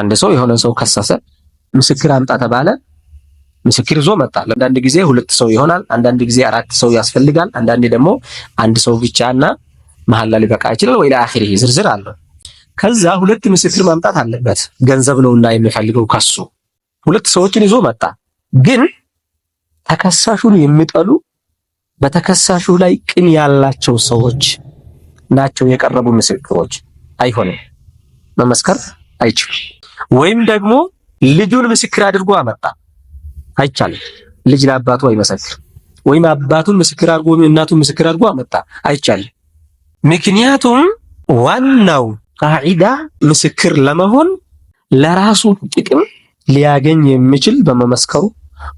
አንድ ሰው የሆነ ሰው ከሰሰ፣ ምስክር አምጣ ተባለ። ምስክር ይዞ መጣ። አንዳንድ ጊዜ ሁለት ሰው ይሆናል፣ አንዳንድ ጊዜ አራት ሰው ያስፈልጋል፣ አንዳንዴ ደግሞ አንድ ሰው ብቻና መሐላ ሊበቃ ይችላል። ወይ ለአኺሪ ዝርዝር አለ። ከዛ ሁለት ምስክር ማምጣት አለበት። ገንዘብ ነውና የሚፈልገው ከሱ ሁለት ሰዎችን ይዞ መጣ። ግን ተከሳሹን የሚጠሉ በተከሳሹ ላይ ቅን ያላቸው ሰዎች ናቸው የቀረቡ ምስክሮች። አይሆንም መመስከር አይችሉም። ወይም ደግሞ ልጁን ምስክር አድርጎ አመጣ። አይቻልም። ልጅ ለአባቱ አይመሰክር። ወይም አባቱን ምስክር አድርጎ እናቱን ምስክር አድርጎ አመጣ። አይቻልም። ምክንያቱም ዋናው ቃዒዳ ምስክር ለመሆን ለራሱ ጥቅም ሊያገኝ የሚችል በመመስከሩ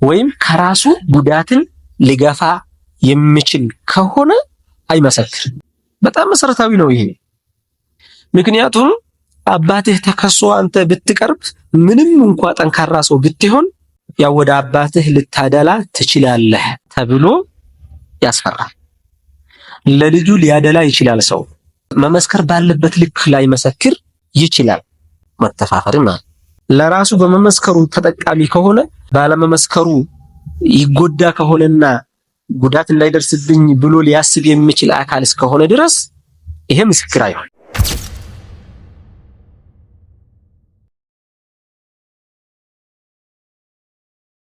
ወይም ከራሱ ጉዳትን ሊገፋ የሚችል ከሆነ አይመሰክር። በጣም መሰረታዊ ነው ይሄ ምክንያቱም አባትህ ተከሶ አንተ ብትቀርብ ምንም እንኳ ጠንካራ ሰው ብትሆን ያው ወደ አባትህ ልታደላ ትችላለህ ተብሎ ያስፈራል። ለልጁ ሊያደላ ይችላል። ሰው መመስከር ባለበት ልክ ላይ መሰክር ይችላል። መተፋፈር ማለት ለራሱ በመመስከሩ ተጠቃሚ ከሆነ ባለመመስከሩ ይጎዳ ከሆነና ጉዳት እንዳይደርስብኝ ብሎ ሊያስብ የሚችል አካል እስከሆነ ድረስ ይሄ ምስክር አይሆን